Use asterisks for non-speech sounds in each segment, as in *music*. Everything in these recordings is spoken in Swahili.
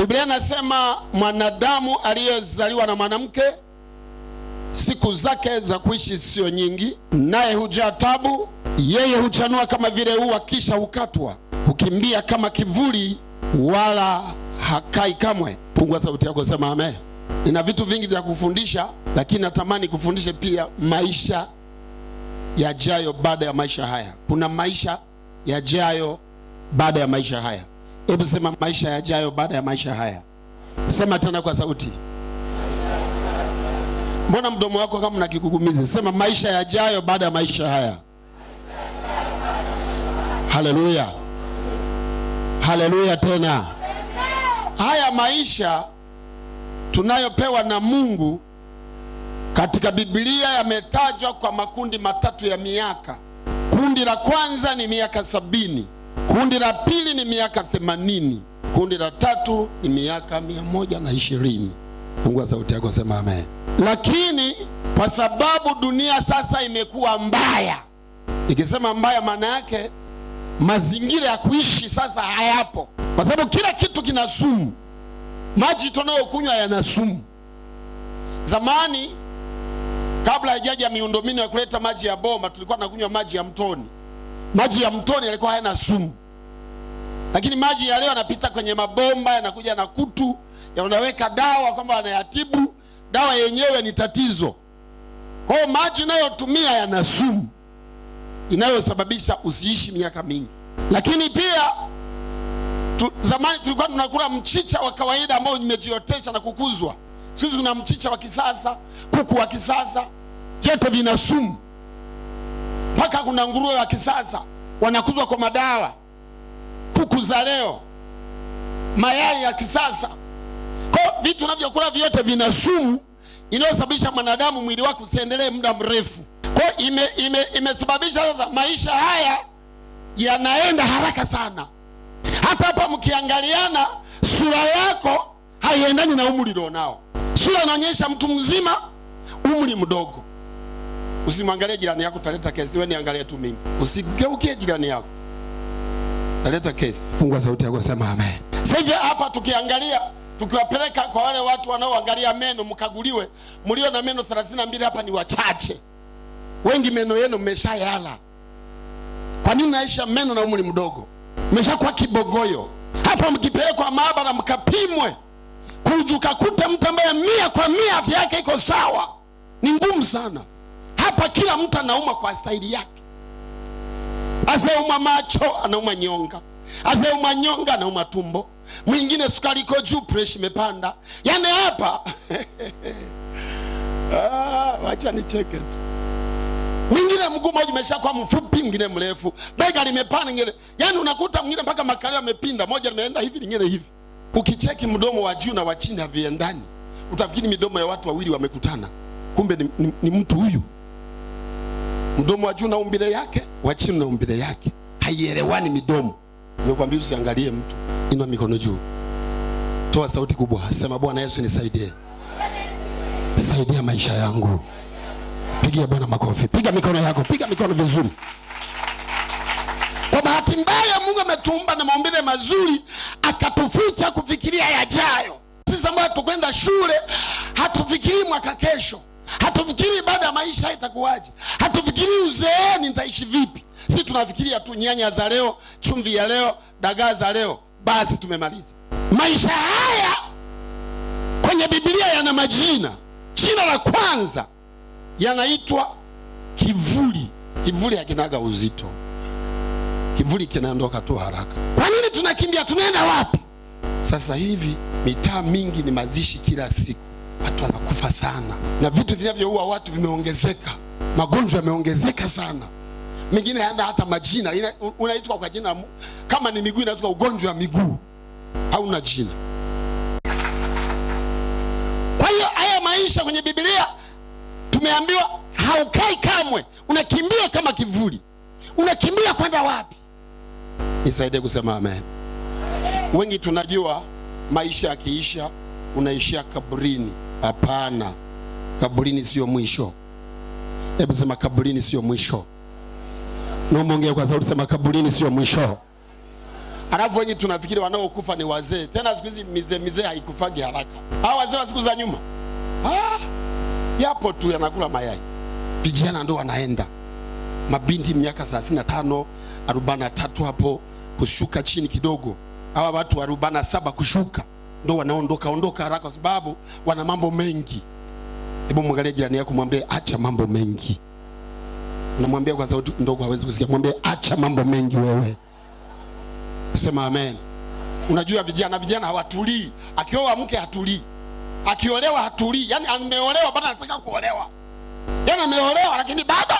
Biblia nasema mwanadamu aliyezaliwa na mwanamke siku zake za kuishi sio nyingi, naye hujaa tabu. Yeye huchanua kama vile ua, kisha hukatwa, hukimbia kama kivuli, wala hakai kamwe. Pungua sauti yako, sema amen. Nina vitu vingi vya kufundisha, lakini natamani kufundishe pia maisha yajayo baada ya maisha haya. Kuna maisha yajayo baada ya maisha haya. Hebu sema maisha yajayo baada ya maisha haya. Sema tena kwa sauti. Mbona mdomo wako kama na kigugumizi? Sema maisha yajayo baada ya maisha haya. Haleluya, haleluya! Tena haya maisha tunayopewa na Mungu katika Biblia yametajwa kwa makundi matatu ya miaka. Kundi la kwanza ni miaka sabini. Kundi la pili ni miaka themanini. Kundi la tatu ni miaka mia moja na ishirini. Fungua sauti yako, sema amen. Lakini kwa sababu dunia sasa imekuwa mbaya, nikisema mbaya maana yake mazingira ya kuishi sasa hayapo, kwa sababu kila kitu kina sumu. Maji tunayokunywa yana sumu. Zamani kabla haijaja miundombinu ya kuleta maji ya boma tulikuwa tunakunywa maji ya mtoni. Maji ya mtoni yalikuwa hayana sumu. Lakini maji yale yanapita kwenye mabomba, yanakuja na kutu, yanaweka dawa kwamba wanayatibu. Dawa yenyewe ni tatizo. Kwa hiyo maji inayotumia yana sumu inayosababisha usiishi miaka mingi. Lakini pia tu, zamani tulikuwa tunakula mchicha wa kawaida ambao nimejiotesha na kukuzwa. Siku hizi kuna mchicha wa kisasa, kuku wa kisasa, vyote vina sumu, mpaka kuna nguruwe wa kisasa wanakuzwa kwa madawa kuku za leo, mayai ya kisasa. Kwa vitu unavyokula vyote vina sumu inayosababisha mwanadamu mwili wake usiendelee muda mrefu. Kwa ime, ime, imesababisha sasa maisha haya yanaenda haraka sana. Hata hapa mkiangaliana, sura yako haiendani na umri ulionao. Sura inaonyesha mtu mzima, umri mdogo. Usimwangalie jirani yako, utaleta kesi. Wewe niangalie tu mimi, usigeukie jirani yako aleta kesi. Fungua sauti yako, sema amen. Sije hapa tukiangalia tukiwapeleka kwa wale watu wanaoangalia meno mkaguliwe, mlio na meno 32 hapa ni wachache, wengi meno yenu mmeshayala. Kwa nini naisha meno na umri mdogo? Mmeshakuwa kibogoyo. Hapa mkipelekwa maabara mkapimwe kujuka, kute mtu ambaye mia kwa mia afya yake iko sawa, ni ngumu sana. Hapa kila mtu anauma kwa staili yake azeuma macho, anauma nyonga, azeuma nyonga, anauma tumbo, mwingine sukari iko juu, presha imepanda. Yani hapa *laughs* ah, wacha nicheke tu. Mwingine mguu mmoja umeshakuwa mfupi, mwingine mrefu, bega limepanda, ngine yani unakuta mwingine mpaka makalio yamepinda, moja limeenda hivi, lingine hivi. Ukicheki mdomo wa juu na wa chini haviendani, utafikiri midomo ya watu wawili wamekutana, kumbe ni, ni, ni mtu huyu Mdomo wa juu na umbile yake, wa chini na umbile yake haielewani midomo. Nimekwambia usiangalie mtu. Inua mikono juu, toa sauti kubwa, sema Bwana Yesu nisaidie, saidia maisha yangu. Pigia Bwana makofi, piga mikono yako, piga mikono vizuri. Kwa bahati mbaya, Mungu ametuumba na maumbile mazuri, akatuficha kufikiria yajayo. Sisi ambao tukwenda shule hatufikirii mwaka kesho hatufikiri baada ya maisha itakuwaje, hatufikiri uzeeni nitaishi vipi. Sisi tunafikiria tu nyanya za leo, chumvi ya leo, dagaa za leo, basi tumemaliza maisha haya. Kwenye Biblia yana majina. Jina la kwanza yanaitwa kivuli. Kivuli hakinaga uzito, kivuli kinaondoka tu haraka. Kwa nini tunakimbia? Tunaenda wapi? Sasa hivi mitaa mingi ni mazishi kila siku watu wanakufa sana, na vitu vinavyoua watu vimeongezeka, magonjwa yameongezeka sana, mengine yana hata majina, unaitwa kwa jina. Kama ni miguu, inaitwa ugonjwa wa miguu, hauna jina. Kwa hiyo haya maisha kwenye Biblia tumeambiwa haukai kamwe, unakimbia kama kivuli. Unakimbia kwenda wapi? Nisaidie kusema amen. Wengi tunajua maisha yakiisha, unaishia kaburini. Hapana, kaburini sio mwisho. Hebu sema kaburini sio mwisho. Naomba ongea kwa sauti, sema kaburini sio mwisho. Alafu wengi tunafikiri wanaokufa ni wazee. Tena siku hizi mizee mizee haikufagi haraka. Hao wazee wa siku za nyuma ah, yapo tu yanakula mayai. Vijana ndo wanaenda, mabinti miaka 35 43 hapo kushuka chini kidogo, hawa watu 47 kushuka ndo wanaondoka ondoka haraka, kwa sababu wana mambo mengi. Hebu mwangalie jirani yako, mwambie acha mambo mengi. Namwambia kwa sauti ndogo, hawezi kusikia. Mwambie acha mambo mengi wewe. Sema amen. Unajua vijana vijana hawatulii, akioa mke hatulii, akiolewa hatulii. Yani ameolewa bado anataka kuolewa, yani ameolewa lakini bado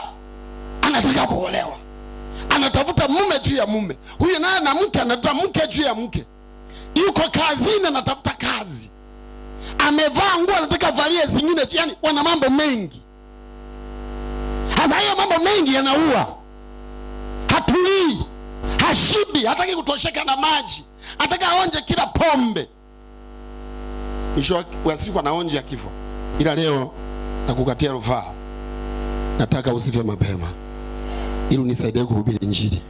anataka kuolewa, anatafuta mume juu ya mume. Huyu naye na mke anatafuta mke juu ya mke yuko kazini anatafuta kazi, amevaa nguo anataka valie zingine, yani wana mambo mengi. Sasa hiyo mambo mengi yanaua, hatulii, hashibi, hataki kutosheka na maji, ataka aonje kila pombe, mwisho wa siku anaonje ya kifo. Ila leo nakukatia rufaa, nataka usife mapema ili unisaidie kuhubiri Injili.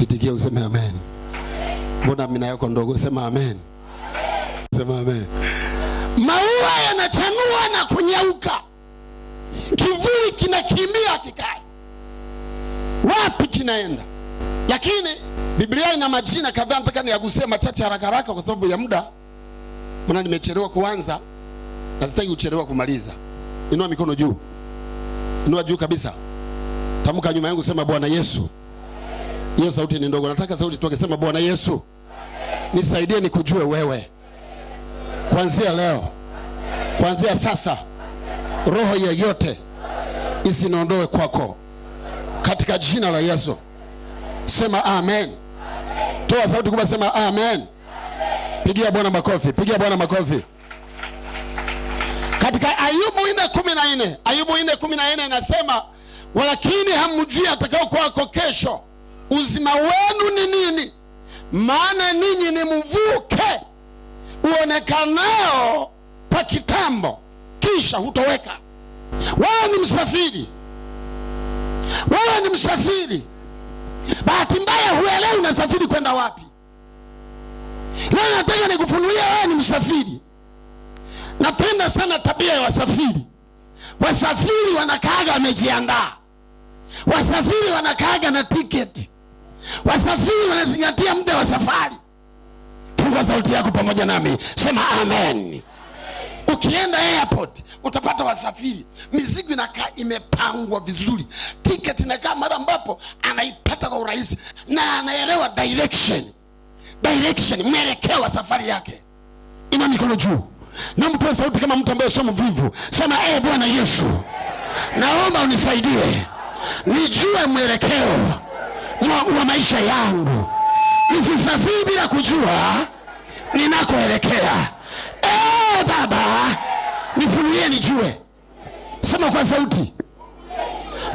Itikia useme amen. Mbona mina yako ndogo? Sema amen. Sema amen. Maua yanachanua na kunyauka, kivuli kinakimbia kikae, wapi kinaenda? Lakini Biblia ina majina kadhaa, mpaka niagusie machache haraka haraka kwa sababu ya muda, maana nimechelewa kuanza na sitaki kuchelewa kumaliza. Inua mikono juu, inua juu kabisa, tamka nyuma yangu, sema Bwana Yesu. Hiyo sauti ni ndogo, nataka sauti tutoke, sema Bwana Yesu nisaidie nikujue wewe kuanzia leo, kuanzia sasa. Roho yeyote isiniondoe kwako katika jina la Yesu. Sema amen. Toa sauti kubwa, sema amen. Pigia Bwana makofi, pigia Bwana makofi. Katika Ayubu nne kumi na Ayubu nne kumi na nne inasema walakini hamjui atakao kwako kesho, uzima wenu ni nini? maana ninyi ni mvuke uonekanao kwa kitambo, kisha hutoweka. Wewe ni msafiri, wewe ni msafiri. Bahati mbaya huelewi unasafiri kwenda wapi. Leo nataka nikufunulia, wewe ni msafiri. Napenda sana tabia ya wasafiri. Wasafiri wanakaaga wamejiandaa, wasafiri wanakaaga na tiketi Wasafiri wanazingatia muda wa safari. Funga sauti yako pamoja nami, sema amen. Ukienda airport utapata wasafiri, mizigo inakaa imepangwa vizuri, tiketi inakaa mara ambapo anaipata kwa urahisi, na anaelewa direction, direction, mwelekeo wa safari yake. Ina mikono juu, na mtu sauti kama mtu ambaye sio mvivu, sema ee Bwana Yesu, naomba unisaidie nijue mwelekeo wa, wa maisha yangu. Nisisafiri bila kujua ninakoelekea. E, Baba nifunulie nijue. Sema kwa sauti,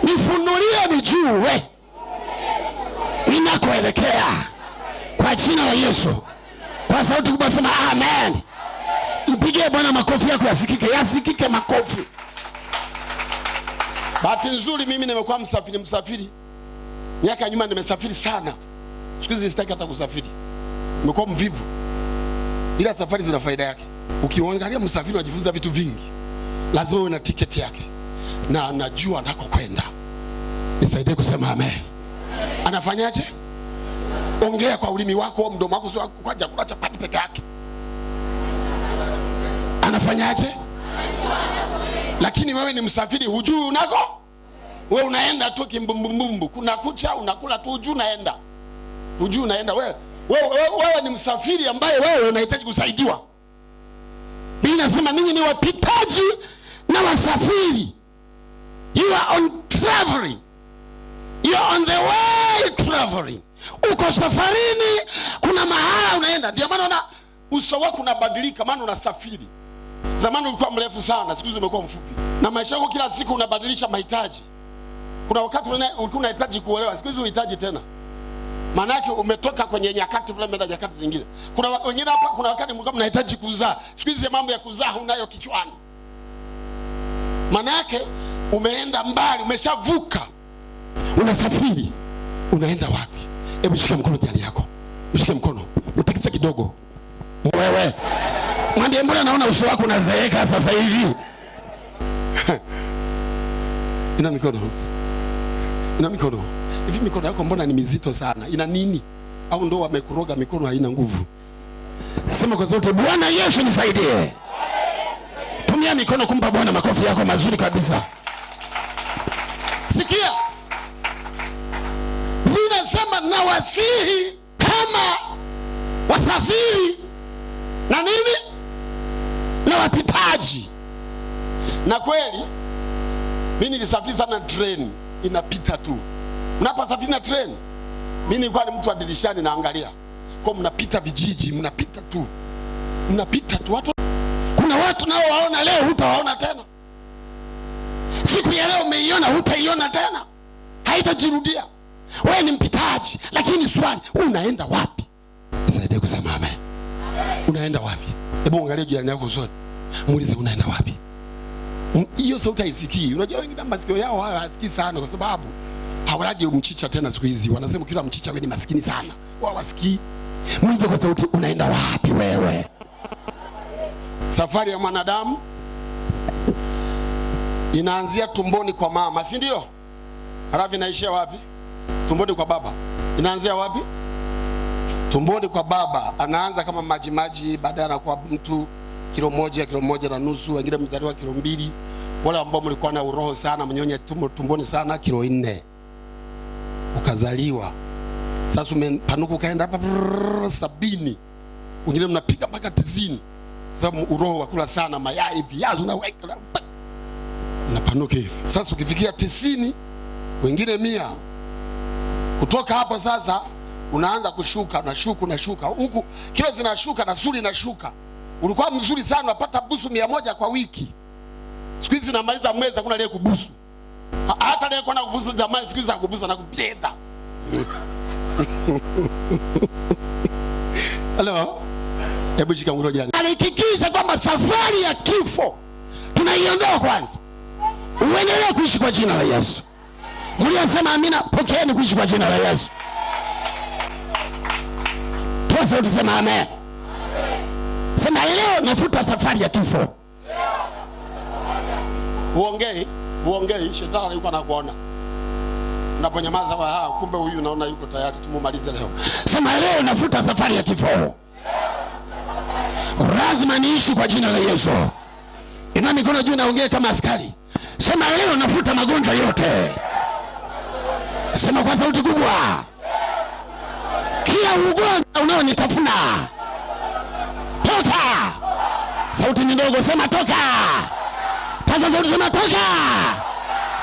nifunulie nijue ninakoelekea kwa jina la Yesu. Kwa sauti kubwa sema amen. Mpigie Bwana makofi yako yasikike, yasikike makofi. Bahati nzuri mimi nimekuwa msafiri, msafiri Miaka ya nyuma nimesafiri sana, siku hizi sitaki hata kusafiri, nimekuwa mvivu, ila safari zina faida yake. Ukiangalia msafiri unajifunza vitu vingi, lazima uwe na tiketi yake na anajua anakokwenda. Nisaidie kusema amen. Anafanyaje? Ongea kwa ulimi wako, mdomo wako sio kwa chakula cha pati peke yake. Anafanyaje? Lakini wewe ni msafiri, hujui unako We unaenda tu kimbumbumbu, kuna kucha unakula tu uju unaenda uju unaenda. Wewe wewe we, wewe ni msafiri ambaye wewe unahitaji kusaidiwa. Mimi nasema ninyi ni wapitaji na wasafiri, you are on traveling, you are on the way traveling. Uko safarini, kuna mahala unaenda. Ndio maana una uso wako unabadilika, maana unasafiri. Zamani ulikuwa mrefu sana, siku hizi umekuwa mfupi, na maisha yako kila siku unabadilisha mahitaji. Kuna wakati unahitaji kuolewa, siku hizi uhitaji tena, maana yake umetoka kwenye nyakati fulani umeenda nyakati zingine. Kuna wengine hapa, kuna wakati mlikuwa mnahitaji kuzaa, siku hizi mambo ya kuzaa unayo kichwani, maana yake umeenda mbali, umeshavuka, unasafiri, unaenda wapi? Hebu shika mkono jirani yako, mshike mkono, utikise kidogo. Wewe mwambie, mbona naona uso wako unazeeka sasa hivi? *laughs* ina mikono hapo na mikono. Hivi mikono yako mbona ni mizito sana? Ina nini? Au ndo wamekuroga mikono haina nguvu? Sema kwa zote, Bwana Yesu nisaidie. Tumia mikono kumpa Bwana makofi yako mazuri kabisa. Sikia, ninasema nawasihi kama wasafiri na nini na wapitaji. Na kweli mimi nilisafiri sana treni inapita tu. Mnaposafiri na treni, mimi nilikuwa ni mtu wa dirishani naangalia kwa, mnapita vijiji, mnapita tu, mnapita tu watu. Kuna watu nao waona leo, hutawaona tena. Siku ya leo umeiona, hutaiona tena, haitajirudia. Wewe ni mpitaji, lakini swali, unaenda wapi? Nisaidie kusema amen. Unaenda wapi? Hebu angalia jirani yako usoni, muulize unaenda wapi? Um, hiyo sauti haisikii. Unajua wengine masikio yao haya hasikii sana, kwa sababu hawalaji mchicha tena siku hizi. Wanasema kila mchicha wewe ni maskini sana, wao wasikii. Mwite kwa sauti, unaenda wapi wewe? Safari ya mwanadamu inaanzia tumboni kwa mama, si ndio? Halafu inaishia wapi? Tumboni kwa baba. Inaanzia wapi? Tumboni kwa baba. Anaanza kama majimaji, baadaye anakuwa mtu kilo moja, kilo moja na nusu, wengine mzaliwa kilo mbili. Wale ambao mlikuwa na uroho sana, mnyonya tumboni sana, kilo nne ukazaliwa. Sasa umepanuka ukaenda hapa sabini, wengine mnapiga mpaka tisini, sababu uroho wakula sana mayai, viazi, weka unapanuka hivi. Sasa ukifikia tisini, wengine mia, kutoka hapo sasa unaanza kushuka, unashuka, unashuka huku, kilo zinashuka na suli inashuka Ulikuwa mzuri sana, unapata busu mia moja kwa wiki. Siku hizi unamaliza mwezi, hakuna leo kubusu, hata leo kuna kubusu. Zamani siku hizi kubusu na kupenda *laughs* Hello, Hebu shika nguo jana, alihakikisha kwamba safari ya kifo tunaiondoa kwanza, uendelee kuishi kwa jina la Yesu. Mliosema amina, pokeeni kuishi kwa jina la Yesu. Tuseme sauti, amen. Sema leo nafuta safari ya kifo. Uongei, uongei, shetani yuko anakuona. Unaponyamaza wa haa, ah, kumbe huyu naona yuko tayari tumumalize leo. Sema leo nafuta safari ya kifo. Lazima niishi kwa jina la Yesu. Ina mikono juu, naongee kama askari. Sema leo nafuta magonjwa yote. Sema kwa sauti kubwa, kila ugonjwa unaonitafuna toka. Sauti ni ndogo, sema toka. Paza sauti, sema toka.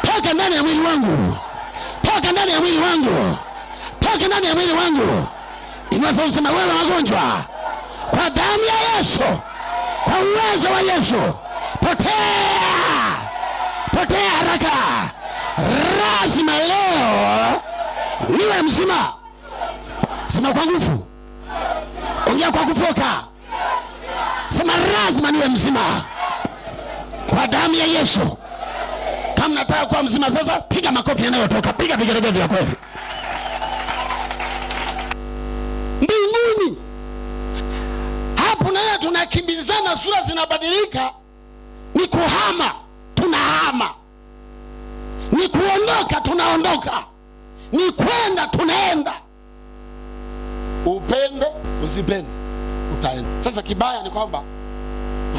Toka ndani ya mwili wangu, toka ndani ya mwili wangu, toka ndani ya mwili wangu. Inua sauti, sema wewe magonjwa, kwa damu ya Yesu, kwa uwezo wa Yesu, potea, potea haraka. Lazima leo niwe mzima. Sema kwa nguvu, ongea kwa kufoka Sema lazima niwe mzima kwa damu ya Yesu. Kama nataka kuwa mzima sasa, piga makofi yanayotoka, piga vigeregere vya kweli mbinguni. Hapo naye tunakimbizana, sura zinabadilika, ni kuhama, tunahama, ni kuondoka, tunaondoka, ni kwenda, tunaenda. Upende usipende, utaenda. Sasa kibaya ni kwamba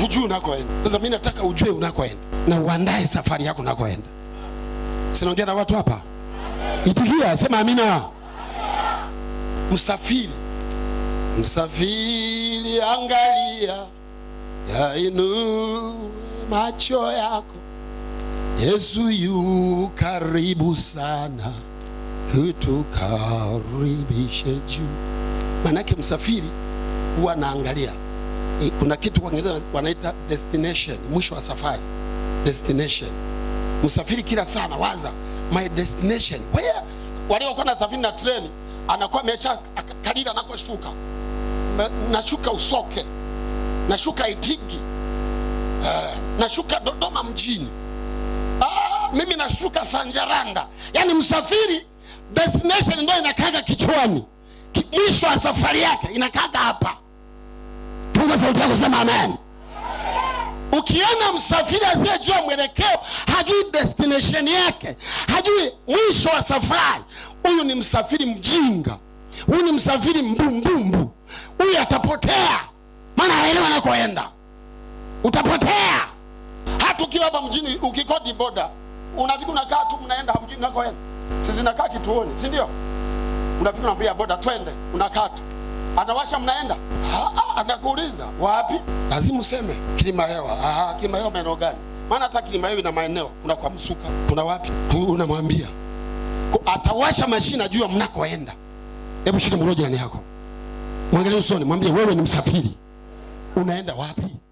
hujui unakoenda. Sasa mimi nataka ujue unakoenda na uandae safari yako unakoenda. Sinaongea na watu hapa, itikia, sema amina. Msafiri, msafiri, angalia, yainue macho yako, Yesu yu karibu sana, hutukaribishe juu. Manake msafiri huwa naangalia Eh, kuna kitu Kiingereza wanaita destination, mwisho wa safari destination. Msafiri kila saa waza my destination. Kwa waliokuwa na safari na treni anakuwa amesha kadiri anakoshuka, nashuka Usoke, nashuka Itigi, uh, nashuka Dodoma mjini, ah, mimi nashuka sanjaranga Yani msafiri destination ndio inakaga kichwani, mwisho wa safari yake inakaga hapa. Naomba sauti yako sema amen. Ukiona msafiri asiyejua mwelekeo, hajui destination yake, hajui mwisho wa safari, huyu ni msafiri mjinga, huyu ni msafiri mbumbumbu, huyu atapotea, maana haelewa anakoenda. Utapotea hata ukiwa hapa mjini, ukikodi boda unafika unakaa tu, mnaenda hamjui nakoenda. Sisi nakaa kituoni, si ndio? Unafika unaambia boda twende, unakaa tu, anawasha, mnaenda Atakuuliza wapi, lazima useme Kilimahewa. Aha, Kilimahewa maeneo gani? Maana hata Kilimahewa ina maeneo, kuna kwa Msuka, kuna wapi, unamwambia atawasha mashina juu ya mnakoenda. Hebu shika mkono jirani yako, mwangalie usoni, mwambie wewe ni msafiri, unaenda wapi?